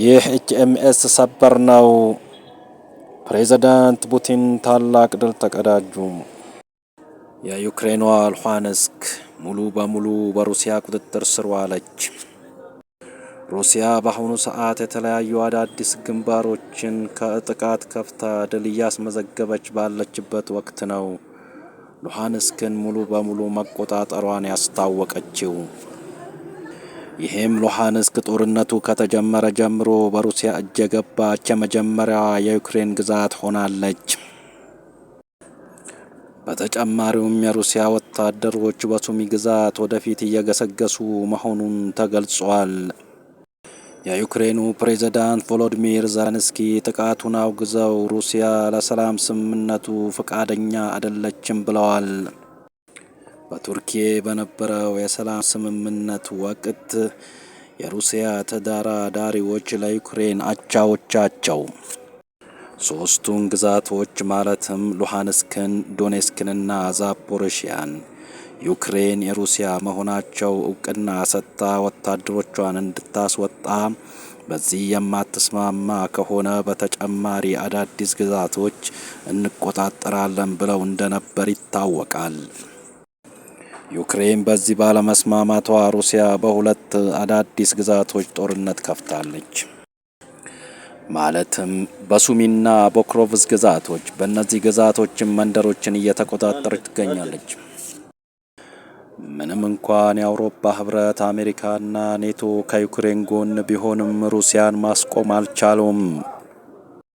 ይህ ኤችኤምኤስ ሰበር ነው። ፕሬዚዳንት ፑቲን ታላቅ ድል ተቀዳጁ። የዩክሬኗ ሉሃንስክ ሙሉ በሙሉ በሩሲያ ቁጥጥር ስር ዋለች። ሩሲያ በአሁኑ ሰዓት የተለያዩ አዳዲስ ግንባሮችን ከጥቃት ከፍታ ድል እያስመዘገበች ባለችበት ወቅት ነው ሉሃንስክን ሙሉ በሙሉ መቆጣጠሯን ያስታወቀችው። ይህም ሉሃንስክ ጦርነቱ ከተጀመረ ጀምሮ በሩሲያ እጅ የገባች የመጀመሪያ የዩክሬን ግዛት ሆናለች። በተጨማሪውም የሩሲያ ወታደሮች በሱሚ ግዛት ወደፊት እየገሰገሱ መሆኑን ተገልጿል። የዩክሬኑ ፕሬዝዳንት ቮሎዲሚር ዘለንስኪ ጥቃቱን አውግዘው ሩሲያ ለሰላም ስምምነቱ ፈቃደኛ አይደለችም ብለዋል። በቱርኪ በነበረው የሰላም ስምምነት ወቅት የሩሲያ ተደራዳሪዎች ለዩክሬን አቻዎቻቸው ሶስቱን ግዛቶች ማለትም ሉሃንስክን፣ ዶኔስክንና ዛፖሮሽያን ዩክሬን የሩሲያ መሆናቸው እውቅና ሰጥታ ወታደሮቿን እንድታስወጣ በዚህ የማትስማማ ከሆነ በተጨማሪ አዳዲስ ግዛቶች እንቆጣጠራለን ብለው እንደነበር ይታወቃል። ዩክሬን በዚህ ባለመስማማቷ ሩሲያ በሁለት አዳዲስ ግዛቶች ጦርነት ከፍታለች። ማለትም በሱሚና በክሮቭስ ግዛቶች። በእነዚህ ግዛቶችም መንደሮችን እየተቆጣጠረች ትገኛለች። ምንም እንኳን የአውሮፓ ህብረት፣ አሜሪካና ኔቶ ከዩክሬን ጎን ቢሆንም ሩሲያን ማስቆም አልቻሉም።